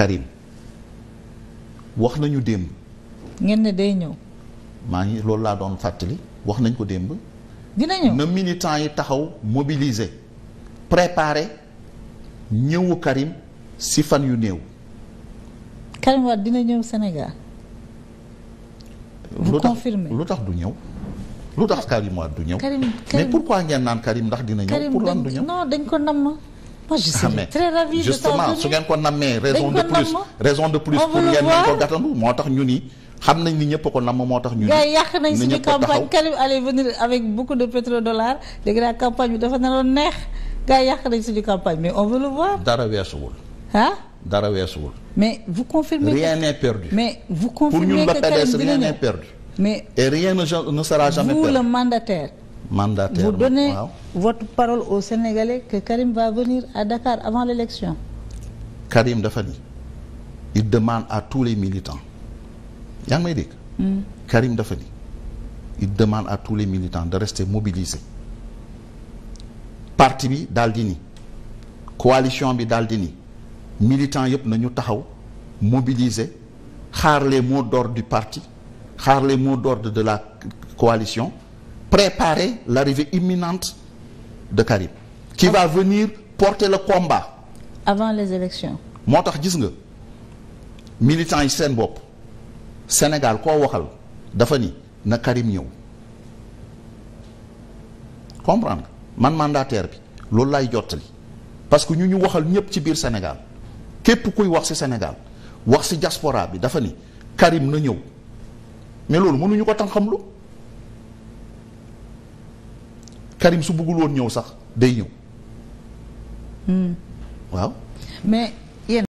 Karim wax nañu démb. ngeen ne day ñëw. maa ngi loolu laa doon fàttali wax nañ ko démb. dina ñëw na militant yi taxaw mobiliser préparer ñëwu Karim si fan yu néew. Karim Wade dina ñëw Sénégal. lu tax lu tax du ñëw. lu tax Karim Wade du ñëw. Karim mais pourquoi ngeen naan Karim ndax dina ñëw. pour lan du dañ ko namm. moi je serais ah, très ravie justement su ngeen ko nammee raison de plus raison de plus pour ngeen nañ ko gàttandu moo tax ñu ni xam nañ ni ñëpp ko namm moo tax ñu ni gars yàq nañ suñu campagne Karim allait venir avec beaucoup de pétrodollars léegi nag campagne bi dafa naroon neex gars yàq nañ suñu campagne mais on veut le voir dara weesuwul ah dara weesuwul mais mais vous confirmez pour ñun le PDS rien mais et rien ne sera jamais perdu vous mandataire vous donnez waaw. votre parole aux Sénégalais que Karim va venir à Dakar avant l'élection Karim dafa ni il demande à tous les militants yaa ngi may dégg. Hmm. Karim dafa ni il demande à tous les militants de rester mobilisés parti bi dal di ni coalition bi daal di ni militants yëpp ñu taxaw mobiliser xaar les mots du parti xaar les mots de la coalition. préparer l'arrivée imminente de Karim qui va venir porté la combat avant les élections moo tax gis nga militants yi seen bopp Sénégal koo waxal dafa ni na Karim ñëw comprendre man mandataire bi loolu lay jottali parce que ñu ñu waxal ñëpp ci biir Sénégal képp kuy wax ci Sénégal wax ci diaspora bi dafa ni Karim na ñëw mais loolu mënuñu ko tan xam lu Karim su bëggul woon ñëw sax day ñëw hmm. waaw